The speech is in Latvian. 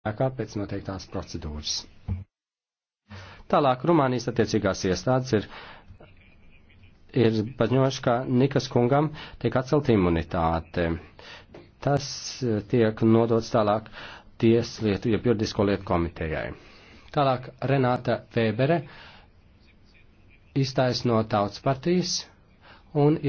spēkā pēc noteiktās procedūras. Tālāk Rumānijas attiecīgās iestādes ir, ir paņojuši, ka Nikas kungam tiek atcelt imunitāte. Tas eh, tiek nodots tālāk tieslietu, jeb juridisko lietu komitejai. Tālāk Renāta Vēbere iztaisno tautas partijas un iestādes.